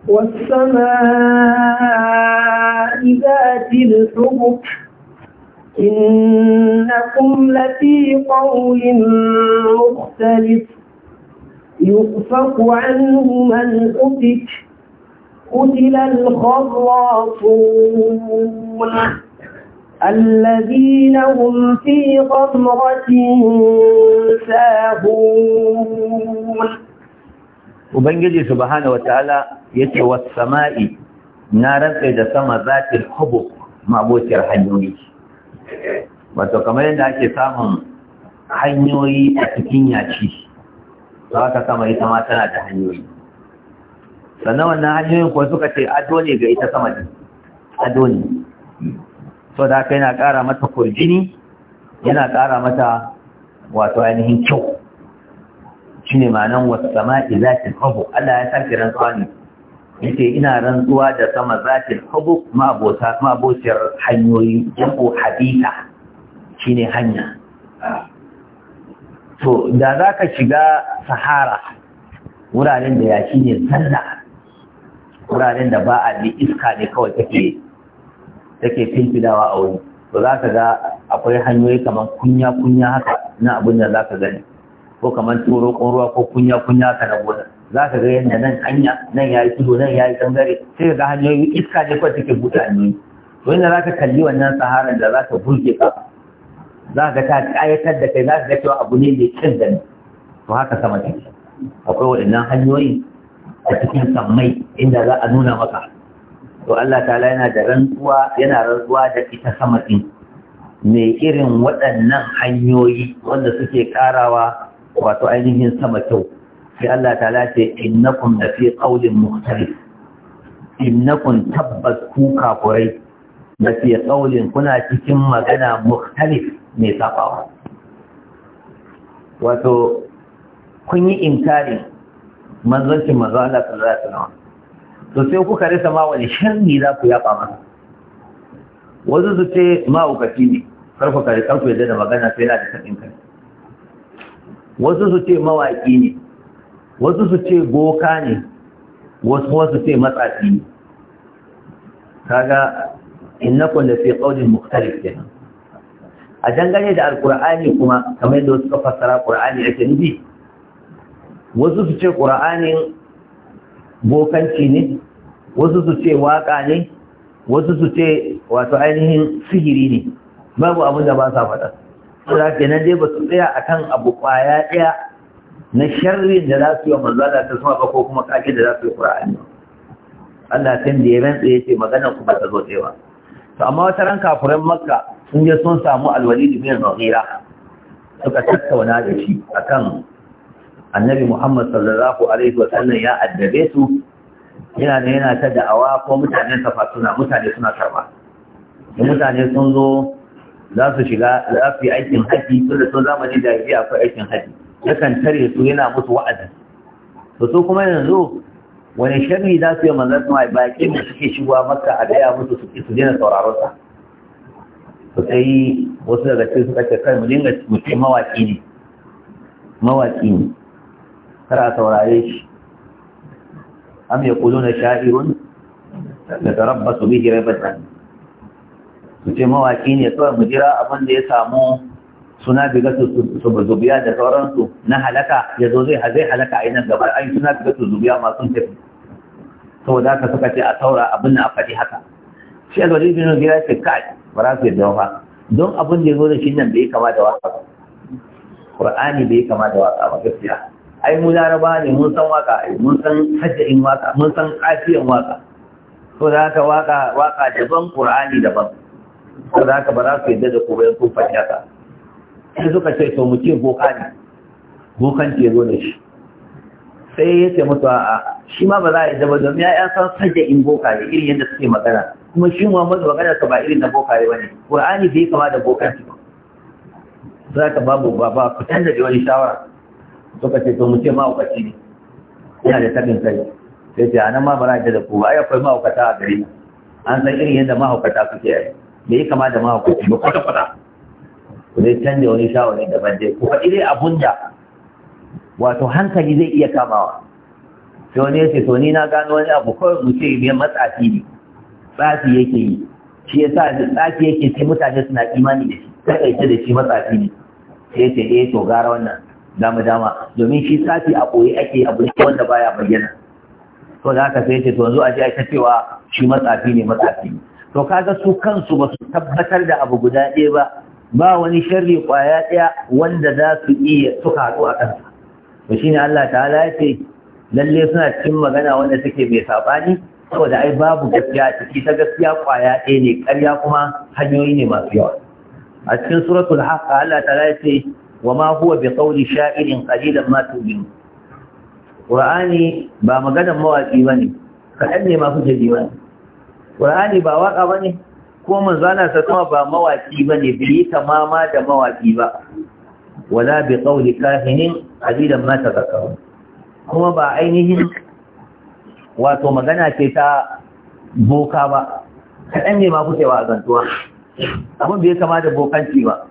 والسماء ذات الحبك إنكم لفي قول مختلف يؤفق عنه من أفك قتل الخراصون الذين هم في غمرة ساهون ubangiji subhanahu wataala yace was sama'i na rantsa da sama zatil hubub mabociyar hanyoyi wato kamar yadda ake samun hanyoyi a cikin yaci za ka sama ita ma tana da hanyoyi sannan wannan hanyoyin ko suka ce ado ne ga ita sama ne ado ne so da aka yana kara mata kurjini yana kara mata wato ainihin kyau shine nan wasu sama'i zatin hubu Allah ya sake rantsuwa ne yake ina rantsuwa da sama zakin, hubu ma'abota hanyoyi jam'u hadita shine hanya to da za ka shiga sahara wuraren da ya shi ne sallah wuraren da ba a bi iska ne kawai take take filfidawa a wuri to za ka ga akwai hanyoyi kamar kunya-kunya haka na abin da za ka gani ko kamar turo ko ruwa ko kunya kunya ka na gona za ka ga yadda nan hanya nan ya yi tudu nan ya yi tsangare sai ga hanyoyi iska ne kawai take buɗe hanyoyi to inda za ka kalli wannan saharar da za ta burge ka za ka ta ƙayatar da kai za ka ga abu ne mai cin gani to haka sama take akwai waɗannan hanyoyi a cikin sammai inda za a nuna maka to Allah ta'ala yana da rantsuwa yana rantsuwa da ita sama din me irin waɗannan hanyoyi wanda suke karawa wato ainihin sama kyau sai Allah ta lace innakum da fi qaulin mukhtalif innakum tabbas ku kafurai da fi qaulin kuna cikin magana mukhtalif mai safawa wato kun yi inkari manzancin manzo Allah sallallahu alaihi wasallam to sai kuka rasa ma wani shirni za ku yaba masa wasu su ce ma ne karfa kare karfa yadda da magana sai na da sabin kai wasu su ce mawaƙi ne wasu su ce goka ne wasu wasu ce matsafi ne kaga innakum da fi qawlin mukhtalif kenan a dangane da alqur'ani kuma kamar yadda suka fassara ƙur'ani ake nufi wasu su ce qur'anin bokanci ne wasu su ce waka ne wasu su ce wato ainihin sihiri ne babu abin da ba sa faɗa za ke nan dai ba su tsaya a kan abu kwaya ɗaya na sharrin da za su yi wa manzala ta sama ba ko kuma kake da za su yi ƙura'ani Allah kan da ya rantsa ya ce maganar ku ba ta zo tsewa to amma wata ran kafuran makka sun je sun samu alwalidi bin zuhira suka tattauna da shi akan annabi muhammad sallallahu alaihi wa sallam ya addabe su yana da yana ta da'awa ko mutanen safa suna mutane suna karba mutane sun zo za su shiga za su yi aikin haji tun da sun zamani da yi akwai aikin haji yakan tare su yana musu wa'azi to su kuma yanzu wani sharri za su yi manzan su baƙin da suke shigowa maka a gaya musu su ke su daina sauraron sa to sai wasu daga cikin suka ce kai mu dinga mutum mawaƙi ne mawaƙi ne kar a saurare shi am yaquluna sha'irun natarabbasu bihi raibatan Ku ce mawaƙi ne kawai mu jira abin da ya samu suna biga su zubiya da sauransu na halaka ya zo zai hazai halaka a yanar gabar ai suna biga su zubiya masu tafi saboda haka suka ce a saura abin da a faɗi haka shi alwali bin zubiya ce kai ba za su yi dawa don abin da ya zo da shi nan bai kama da waka ba qur'ani bai kama da waka ba gaskiya ai mu laraba ne mun san waka ai mun san hajjin waka mun san kafiyan waka saboda da haka waka waka daban qur'ani daban ko za ka ba za su yadda da ku bayan kun faɗi haka sai suka ce to mu ce boka ne bokan ce zo da shi sai ya ce musu a'a shi ma ba za a yadda ba domin ya san sanya in boka ne irin yadda suke magana kuma shi Muhammadu magana ka ba irin na boka ne bane Qur'ani bai kama da bokan ba za ka babu ba ku canza da wani shawara suka ce to mu ce mahaukaci ne yana da tabin kai sai ce a nan ma ba za a yadda da ku ba ai akwai ta a gari an san irin yadda ta suke yi da ya kama da mawa kuma kwata-kwata zai canja wani shawarar da dai ko faɗi dai abun da wato hankali zai iya kamawa sai wani ya ce to ni na gano wani abu kawai mu ce mai matsafi ne tsafi yake yi shi ya sa tsafi yake sai mutane suna imani da shi takaice da shi matsafi ne sai ya ce eh to gara wannan dama dama domin shi tsafi a koyi ake abu ne wanda baya bayyana to da haka sai ya ce to yanzu a je a ta cewa shi matsafi ne matsafi ne to kaga su kansu ba su tabbatar da abu guda ɗaya ba ba wani sharri kwaya ɗaya wanda za su iya suka haɗu a kansa to ne Allah ta'ala ya ce lalle suna cikin magana wanda suke mai saɓani saboda ai babu gaskiya ciki ta gaskiya kwaya ɗaya ne ƙarya kuma hanyoyi ne masu yawa a cikin suratul haqqa Allah ta'ala ya ce wa ma huwa bi qawli sha'irin qalilan ma tu'minu qur'ani ba maganar mawaki bane kaɗan ne ma kuke ji bane ƙur'ani ba waka ba ne ko manzana ta kuma ba mawaƙi ba ne bai yi tamama da mawaƙi ba wala bi ƙauli kahinin ƙalilan ma ta zakaru kuma ba ainihin wato magana ce ta boka ba kaɗan ne ma kuke wa azantuwa abin bai kama da bokanci ba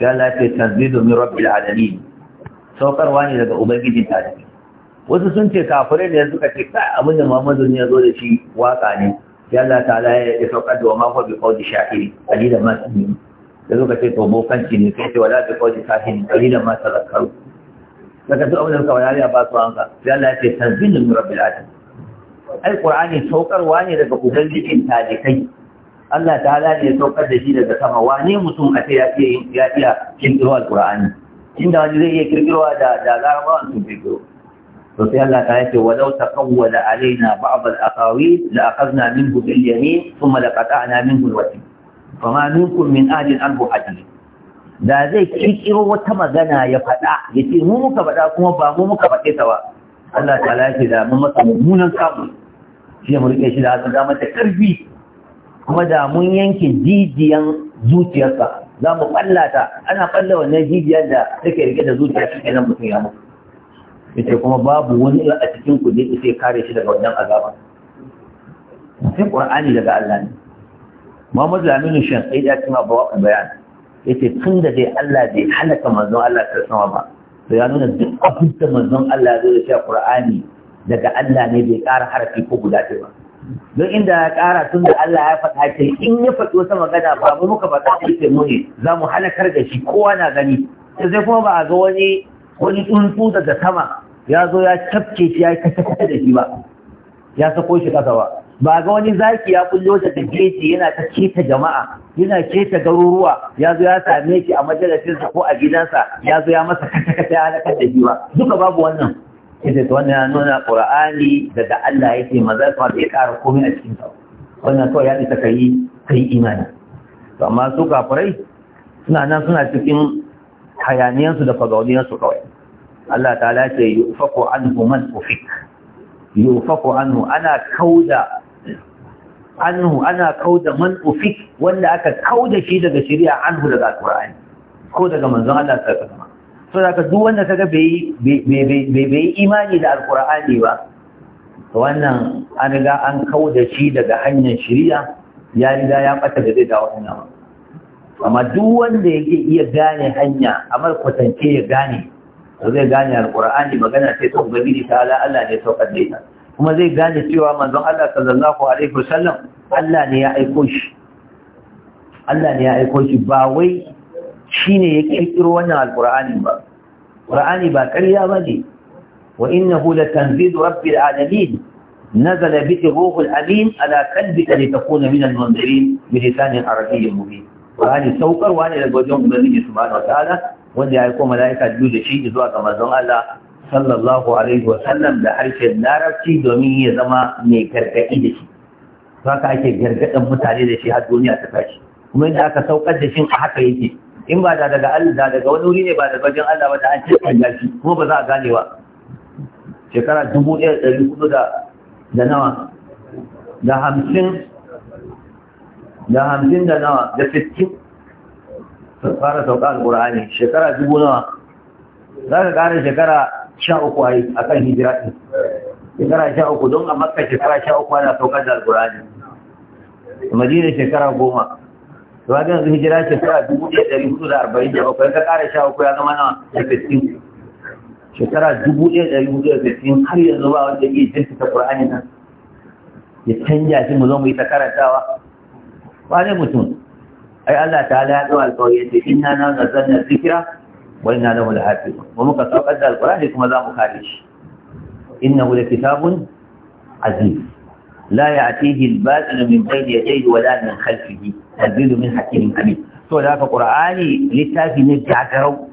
ya Allah ce tanzilu min rabbil alamin saukarwa ne daga ubangijin tarihi wasu sun ce kafirai ne suka ce kai abin da Muhammadu ne ya zo da shi waka ne Yalla ta ta'ala ya saukar da wa ma huwa bi qawli sha'iri qalilan ma tu'minun da suka ce to bokanci ne sai ce wala bi qawli kahin qalilan ma tadhakkaru daga su abin da suka wayar ya ba su hanka sai Allah ya ce tanzilun min rabbil alamin ai qur'ani saukarwa ne daga ubangijin talikai Allah ta ne ya saukar da shi daga sama wane mutum a ce ya iya ya iya kirkiro alqur'ani inda wani zai iya kirkirowa da da larabawan sun kirkiro to sai Allah ta yace walau taqawwala alaina ba'd al-aqawil la akhadna minhu bil yamin thumma la qata'na minhu al-watin ma minkum min ahadin anhu hadith da zai kirkiro wata magana ya faɗa ya ce mu muka faɗa kuma ba mu muka faɗe ta ba Allah ta lafi da mun masa mummunan kamu shi ya rike shi da hasu da mata ƙarfi. kuma da mun yanke jijiyan zuciyarsa za mu ɓallata ana ɓalla wannan jijiyar da take rike da zuciya shi kenan mutum ya mutu yake kuma babu wani a cikin ku ne sai kare shi daga wannan azaba sai qur'ani daga Allah ne Muhammad Aminu Shan sai ya kuma ba wa yake tun da dai Allah bai halaka manzon Allah ta sama ba to ya nuna duk abin da manzon Allah zai ce Qur'ani daga Allah ne bai kara harafi ko guda ɗaya ba don inda ya kara tun da Allah ya faɗa ce in ya faɗi wata magana ba mu muka faɗa ce mu ne za mu halakar da shi kowa na gani sai kuma ba a ga wani wani tsuntsu daga sama ya zo ya cafke shi ya yi kasa da shi ba ya sako shi kasa ba ba ga wani zaki ya kullo da geji yana ta keta jama'a yana keta garuruwa ya zo ya same shi a majalisinsa ko a gidansa ya zo ya masa kata kata ya halakar da shi ba duka babu wannan ita to wannan ya nuna qur'ani daga da Allah yake maza ta bai ƙara komai a cikin sa wannan to ya isa kai kai imani to amma su kafirai suna nan suna cikin hayaniyansu da fagaudiyansu kawai Allah ta'ala ce yufaku anhu man ufik yufaku anhu ana kauda anhu ana kauda man ufik wanda aka kauda shi daga shari'a anhu daga alqur'ani ko daga manzon Allah Ta alaihi wasallam so duk wanda ta ga bai yi imani da alqur'ani ba wannan an ga an kauda shi daga hanyar shirya ya riga ya bata da zai dawo ba amma duk wanda yake iya gane hanya amma kwatance ya gane zai gane alqur'ani magana sai to ubangiji ta ala Allah ne saukar da ita kuma zai gane cewa manzon Allah sallallahu alaihi wasallam Allah ne ya aika shi Allah ne ya aika shi ba wai shine ya kirkiro wannan alqur'ani ba qur'ani ba ƙarya bane wa innahu la latanzilu rabbil alamin nazala bi ruhul amin ala qalbika takuna min al-munzirin bi lisan arabiyyin mubin qur'ani saukarwa ne daga wajen ubangiji subhanahu wa ta'ala wanda ya aiko mala'ika biyu da shi zuwa ga manzon Allah sallallahu alaihi wa sallam da harshen larabci domin ya zama mai gargaɗi da shi Za ka ake gargaɗin mutane da shi har duniya ta tashi kuma inda aka saukar da shi a haka yake in ba da daga Allah da daga wani wuri ne ba da bajin Allah ba da an ce kan gashi kuma ba za a gane ba shekara dubu ɗaya da ɗari hudu da da nawa da hamsin da hamsin da nawa da sittin fara sauka alƙur'ani shekara dubu nawa za ka ƙara shekara sha uku a yi a kan hijira ɗin shekara sha uku don a makka shekara sha uku ana saukar da alƙur'ani madina shekara goma to wajen su hijira shekara dubu ɗaya ɗari hudu da arba'in da bakwai ka ƙara sha uku ya zama nawa da fifteen shekara dubu ɗaya ɗari hudu da fifteen har yanzu ba wanda iya ta ƙur'ani nan ya canja shi mu zo mu yi ta karantawa ba ne mutum ai Allah ta ya ɗau alƙawari ya ce inna na nazzalna zikira wa inna lahu lahafizun mu muka saukar da alƙur'ani kuma za mu kare shi innahu kitabun aziz la ya'tihi al-batil min bayni yadayhi wa la min khalfihi tanzilu min hakimin amin to da haka qur'ani littafi ne gagarau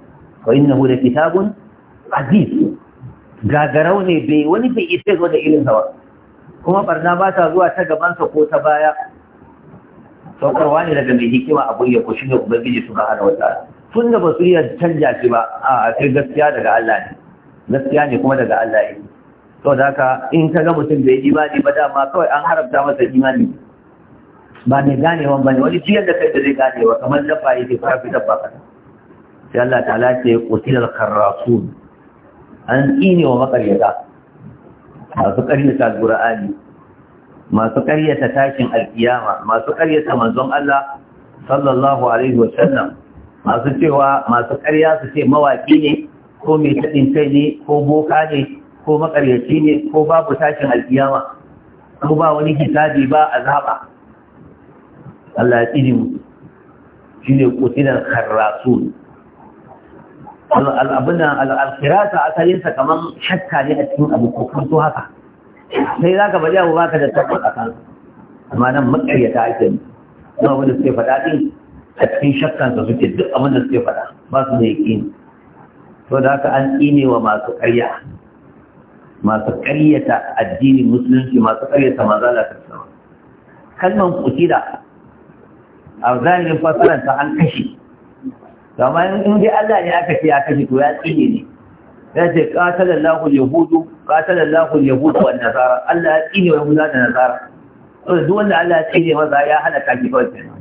wa innahu kitabun aziz gagarau ne bai wani bai isa zo da irin sa ba kuma barna ba ta zuwa ta gaban sa ko ta baya saukarwa ne daga mai hikima a ya ko shine ubangiji subhanahu wata tun da ba su iya canja shi ba a sai gaskiya daga Allah ne gaskiya ne kuma daga Allah ne to da haka in ka ga mutum bai imani ba dama kawai an haramta masa imani ba ne ganewan ba ne wani jiyar da kai da zai gane ganewa kamar dabba yake fara fitar ba kana sai Allah ta ce qutilal karrasun an tsine wa makaryata su ƙarfi ta Qur'ani masu ƙaryata tashin alkiyama masu ƙaryata manzon Allah sallallahu alaihi wasallam masu cewa masu ƙarya su ce mawaki ne ko mai taɗin kai ne ko boka ne ko maƙaryaci ne ko babu tashin alkiyama ko ba wani hisabi ba azaba Allah ya tsini mu shi ne kutilan kharrasun al'abuna al'alkhirata asalinsa kamar shakka ne a cikin abu ko haka sai za ka faɗi abu ba ka da tabbas a kan amma nan makaryata ake yi kuma wanda suke faɗa ɗin a cikin shakkansa suke duk abin da suke faɗa ba su da yaƙini to da haka an tsine wa masu ƙarya masu ƙaryata addinin musulunci masu ƙaryata manzala ta sama kalman kutila a zahirin ta an kashe amma in dai Allah ne aka ce ya kashe to ya tsine ne ya ce qatala Allahu yahudu qatala Allahu al-yahud wa an-nasara Allah ya tsine wa yahuda da nasara to duk wanda Allah ya tsine maza ya hana ki kawai kenan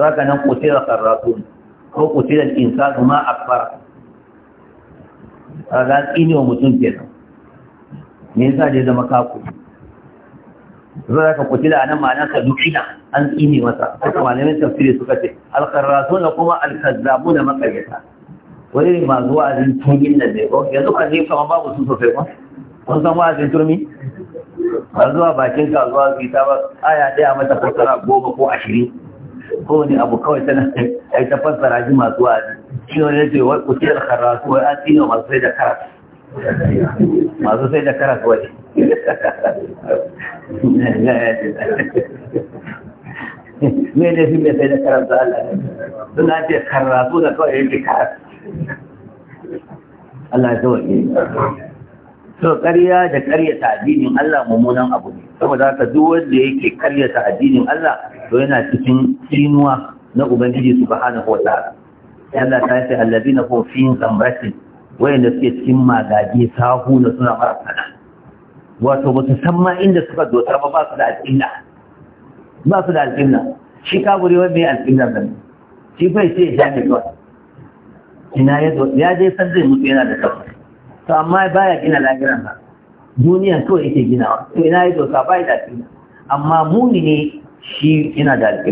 Za ka nan qutila qarratun ko qutila al-insanu ma akbar kaga tsini wa mutum kenan me yasa da zama kaku Za ka kutila a anan ma'ana ka duk dukina an tsine masa haka malamin tafsiri suka ce alqarratuna kuma alkazzabuna maqayyata wani ma zuwa azin tungin nan ne ko yanzu ka jefa ma babu su sosai ba kun san wa'azin turmi ba zuwa bakin kasuwa su ta ba aya ɗaya mata fassara goma ko ashirin ko ne abu kawai tana ai ta fassara ji masu wa shi ne ne ce wai kuciyar karatu wai an tino masu sai da karatu masu sai da karatu wai me ne fi mai sai da karatu Allah suna ce karatu da kawai yake karatu Allah ya zo tsawaye to ƙarya da ƙaryata addinin Allah mummunan abu ne saboda haka duk wanda yake ƙaryata addinin Allah to yana cikin tsinuwa na ubangiji subhanahu wataala Allah ta ce allazina hum fi zamratin wayanda suke cikin magaji sahu na suna mara fada wato ba su san ma inda suka dota ba ba su da alƙinna ba su da alƙinna shi gure wani mai alƙinna zan shi bai ce ya shafe kawai ina ya ya san zai mutu yana da tabbas to amma baya gina lahiran ba duniyan to yake ginawa to ina yi doka bai da alƙibla amma muni ne shi yana da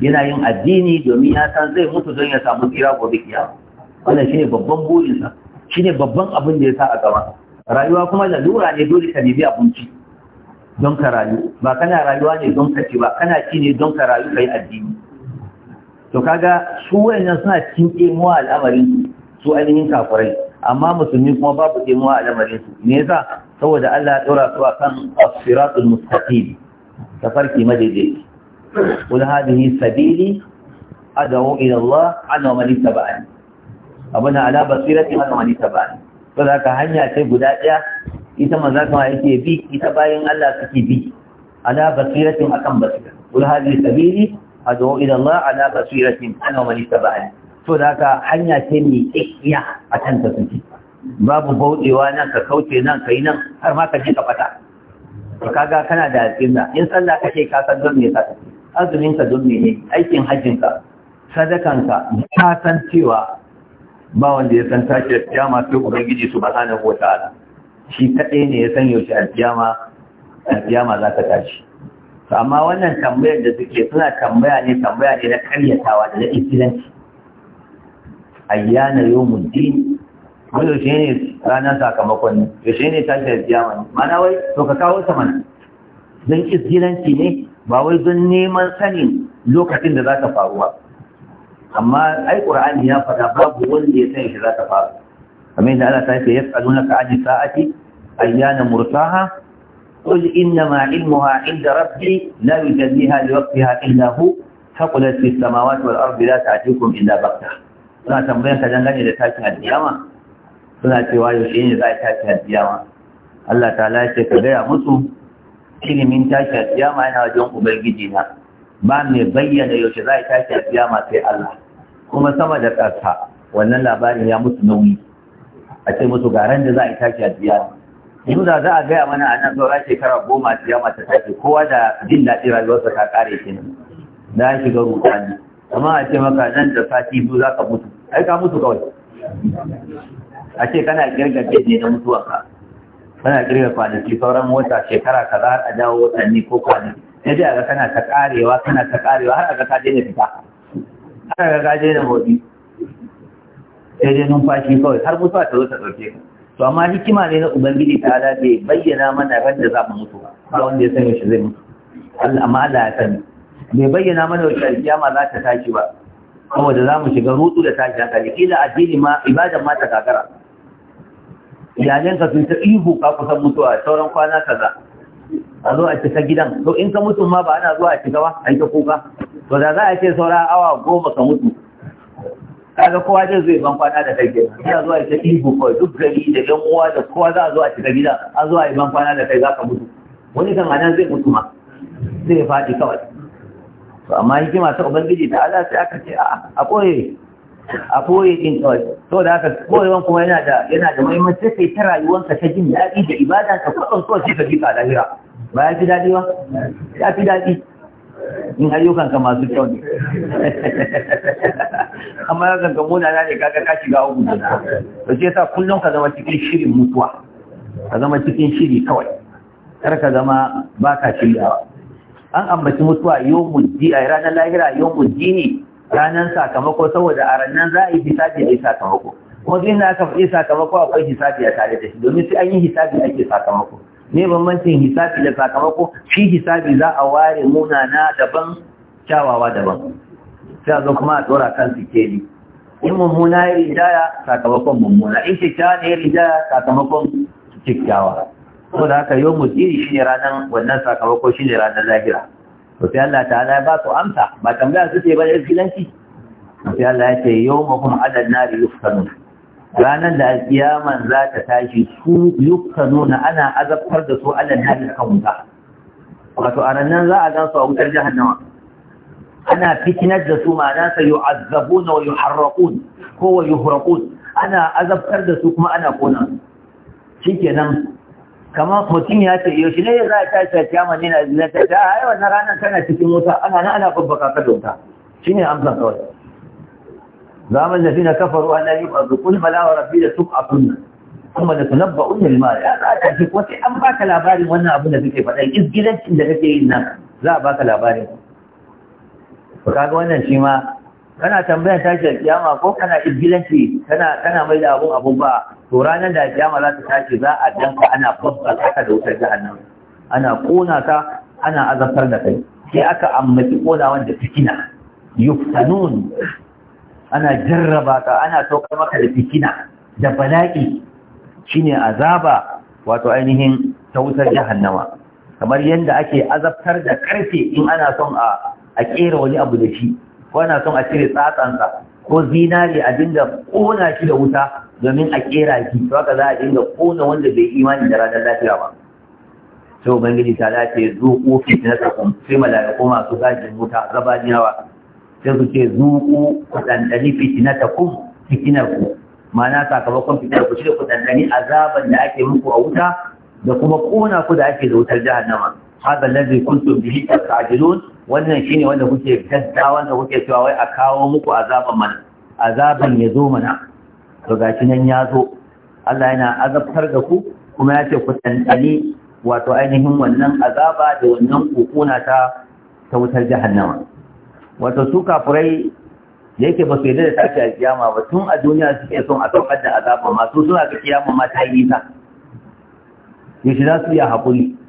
yana yin addini domin ya san zai mutu don ya samu tsira gobe kiyama wannan shine babban sa shine babban abin da ya sa a gaba rayuwa kuma lura ne dole ka bibi abinci don ka rayu ba kana rayuwa ne don ka ci ba kana ci ne don ka rayu kai addini to kaga su wayannan suna cikin kemuwa al'amarin su ainihin kafirai amma musulmi kuma babu ɗimuwa a lamarin su me yasa saboda Allah ya ɗora su akan as-siratul mustaqim farki madaidaici qul hadhihi sabili ad'u ila Allah ana wa man ittaba'ani abana ala basirati ana wa man ittaba'ani saboda ka hanya ce guda ɗaya ita manzo kuma yake bi ita bayan Allah suke bi ala basiratin akan basira qul hadhihi sabili ad'u ila Allah ala basiratin ana wa man ittaba'ani so da haka hanya ce mai tsakiya a can ta suke babu bauɗewa nan ka kauce nan ka yi nan har ma ka je ka fata ka kaga kana da alƙibla in sallah kake ka san don me ka azumin ka don me ne aikin hajjin ka sadakan ka ka san cewa ba wanda ya san tashi alƙiyama sai ubangiji subhanahu wataala shi kaɗai ne ya san yaushe alƙiyama za ta tashi amma wannan tambayar da suke suna tambaya ne tambaya ne na karyatawa da na ikilanci ayyana yawmuddin wai yaushe ne ranar sakamakon ne yaushe ne tashi da mana wai to ka kawo ta mana don kisgiranci ne ba wai don neman sanin lokacin da za ta faru ba amma ai qur'ani ya faɗa babu wanda ya san shi za ta faru Amin da Allah ta ce yas'alunaka an sa'ati ayyana mursaha qul innama ilmuha inda rabbi la yujalliha liwaqtiha illa hu faqulat fis samawati wal ardi la ta'tikum illa baghtah suna tambayan ka dangane da a diyama? suna cewa yaushe ne za a tashi diyama? Allah ta lashe ka gaya musu ilimin tashi diyama yana wajen ubangiji na ba mai bayyana yaushe za a tashi diyama sai Allah kuma sama da ƙasa wannan labarin ya musu nauyi a ce musu garan da za a tashi a diyama.' da za a gaya mana a nan saura shekara goma diyama ta taki kowa da jin daɗin rayuwarsa ta ƙare kenan na shiga rudani amma a ce maka nan da sati biyu za ka mutu ai ka mutu kawai a ce kana girgaje ne na mutuwa ka kana girga kwanaki sauran wata shekara ka za a dawo watanni ko kwanaki ya dai a ga kana ta karewa kana ta karewa har a ga ka daina fita har a ga ka ne motsi sai dai numfashi kawai har mutuwa ta zo ta ɗauke ka to amma hikima ne na ubangiji ta ala bai bayyana mana ran da za mu mutu ba wanda ya sanya shi zai mutu amma Allah ya sani bai bayyana mana wata alkiyama za ta tashi ba saboda za mu shiga rutu da tashi ne kila addini ma ibadan ma ta kakara iyalanka sun ta ihu ka kusan mutuwa sauran kwana kaza a zo a cika gidan to in ka mutu ma ba ana zuwa a cika ba a yi ta kuka to da za a ce saura awa goma ka mutu kaga kowa zai zo ban kwana da kai kenan sai a zo a ta ihu ko duk gari da ɗan uwa da kowa za a zo a cika gidan an zo a yi ban kwana da kai za ka mutu wani kan anan zai mutu ma zai faɗi kawai to amma hikima ta ubangiji ta Allah sai aka ce a koye a koye din kawai to da koyewan kuma yana da yana da muhimmanci sai ta rayuwarka ta jin daɗi da ibada ka kwaɗon kawai sai ka ji ka lahira ba ya fi daɗi ba ya fi daɗi in ayyukan ka masu kyau ne [LAUGHS] amma ya zanga muna na ne kaga ka shiga uku da to sai sa kullum ka zama cikin shirin mutuwa ka zama cikin shiri kawai kar ka zama baka shiryawa an ambaci mutuwa yawmuddi a ranar lahira yawmuddi ne ranar sakamako saboda a ranar za a yi hisabi a yi sakamako kuma duk inda aka faɗi sakamako akwai hisabi a tare da shi domin sai an yi hisabi ake sakamako ne bambancin hisabi da sakamako shi hisabi za a ware munana daban kyawawa daban sai a zo kuma a tsora kan sikeli in mummuna ya rijaya sakamakon mummuna in kyakkyawa ne ya rijaya sakamakon kyakkyawa ko da haka yau mutiri shi ne ranar wannan sakamako shi ne ranar lahira to Allah ta ya ba su amsa ba tambaya su ce ba da iskilanci sai Allah ya ce yau mahum adad nari nuna? ranar da alkiyaman za ta tashi su yuftanu na ana azabtar da su adad da kan wuta wato a ranar za a gan su a wutar jahannama ana fitinar da su ma'ana sa yu'azzabuna wa yuharraqun ko wa yuhraqun ana azabtar da su kuma ana kona shikenan kamar mutum ya ce yaushe ne za a tashi a kiyama ne na zina ta ta ah, ai wannan ranar tana cikin wuta ana na ana babbaka ka dauka ne amsa kawai zaman da zina ruwa na yi azu kun bala wa rabbi a tub'atun kuma da nabba lil mal ya za a tashi ko sai an baka labarin wannan abin da suke faɗa izgilancin da kake yi nan za a baka labarin ka ga wannan shi ma kana tambayar tashi kiyama ko kana izgilanci kana kana mai da abun abun ba to ranar da kiyama za ta tashi za a danka ana fassal aka da wutar jahannam ana kona ka ana azabtar da kai sai aka ammaci kona wanda fitina yuftanun ana jarraba ka ana saukar maka da fitina da bala'i shine azaba wato ainihin ta wutar jahannama kamar yadda ake azabtar da karfe in ana son a a kera wani abu da shi ko ana son a cire tsatsansa ko zinari a dinga ƙona shi da wuta domin a ƙera shi to haka za a dinga kona wanda bai imani da ranar lafiya ba sai ubangiji ta dace zuƙu kun, sai mala'iku su gajin wuta zabaniyawa sai su ce zuƙu ku kun, fitnatakum ku. ma'ana sakamakon fitinarku shi da ku azaban da ake muku a wuta da kuma kona ku da ake da wutar jahannama hada lazi kuntum bihi tastajilun wannan shine wanda kuke gadda wanda kuke cewa wai a kawo muku azaban mana azaban ya zo mana to ga shi nan ya zo Allah yana azabtar da ku kuma ya ce ku tantani wato ainihin wannan azaba da wannan kukuna ta ta wutar jahannama wato su kafurai da yake ba su yarda da tashi a kiyama ba tun a duniya suke son a saukar da azaba masu suna ga kiyama ma ta yi ta za su iya haƙuri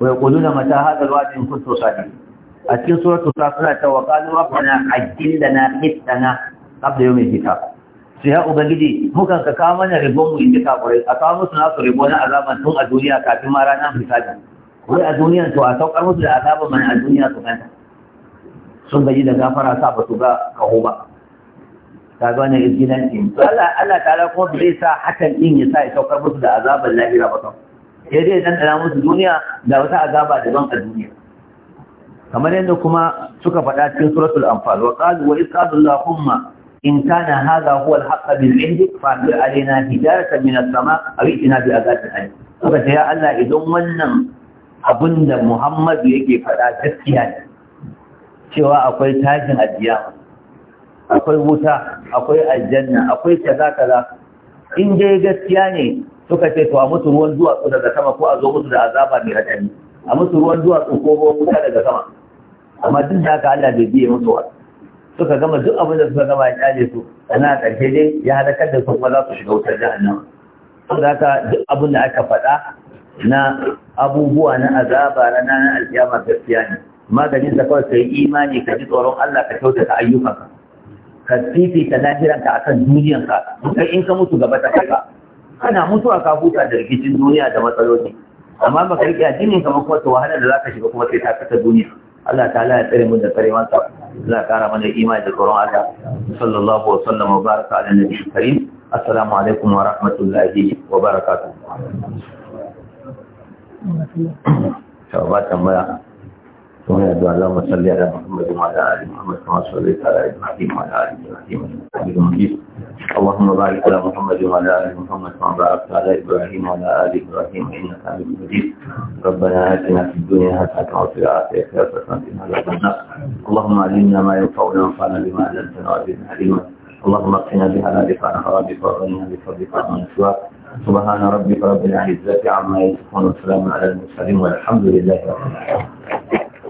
Wai ya ƙudu mata haɗa ruwa cikin kun a cikin suratu ta suna ta wa qalu rabbana ajjilna hitana qabla mai hisab sai ya ubangiji muka ka kawo mana ribon mu inda ka kurai a kawo musu nasu ribon na azaban tun a duniya kafin ma ranar hisabi wai a duniyan to a saukar musu da azaban mana a duniya su kanta sun gaji da gafara sa ba su ga kaho ba ta gane izgilan din Allah Allah ta'ala kuma bai sa hakan din ya sa ya saukar musu da azaban lahira ba sai dai dan dana musu duniya da wata azaba daban a duniya kamar yadda kuma suka faɗa cikin suratul anfal wa qalu wa isqadu allahumma in kana hadha huwa al bil min indik fa tir alaina hidayatan min as-sama' aw itina bi azabin alim saboda ya Allah idan wannan abinda da Muhammadu yake faɗa gaskiya ne cewa akwai tashin ajiya akwai wuta akwai aljanna akwai kaza kaza in dai gaskiya ne suka ce to a mutu ruwan duwatsu daga sama ko a zo mutu da azaba mai hadari a mutu ruwan duwatsu ko ruwan wuta daga sama amma duk da haka Allah bai biye musu wasu suka gama duk abin da suka gama ya kyale su ana ƙarshe dai ya halakar da su kuma za su shiga wutar jahannama saboda haka duk abin da aka faɗa na abubuwa na azaba na nan alƙiyama gaskiya ne maganin sa kawai kai imani ka ji tsoron Allah ka kyautata ayyukanka ka fifita lahiranka akan duniyanka kai in ka mutu gaba ta haka kana mutuwa ka huta da rikicin duniya da matsaloli amma baka rike addinin ka kuma ta wahala da zaka shiga kuma sai ta kasa duniya Allah ta'ala ya tsere mu da tsare masa za a kara mana imani da tsoron Allah sallallahu wa sallam wa baraka ala nabiyyi karim assalamu alaikum wa rahmatullahi wa barakatuh. اللهم صل على محمد وعلى ال محمد كما صليت على ابراهيم وعلى ال ابراهيم انك حميد مجيد اللهم بارك على محمد وعلى ال محمد كما باركت على ابراهيم وعلى ال ابراهيم انك حميد مجيد ربنا اتنا في الدنيا حسنه وفي الاخره حسنه وقنا عذاب النار اللهم علمنا ما ينفعنا وانفعنا بما علمتنا وزدنا علما اللهم اقنا بحلالك عن حرامك وغنينا بفضلك عن سواك سبحان ربك رب العزه عما يصفون وسلام على المرسلين والحمد لله رب العالمين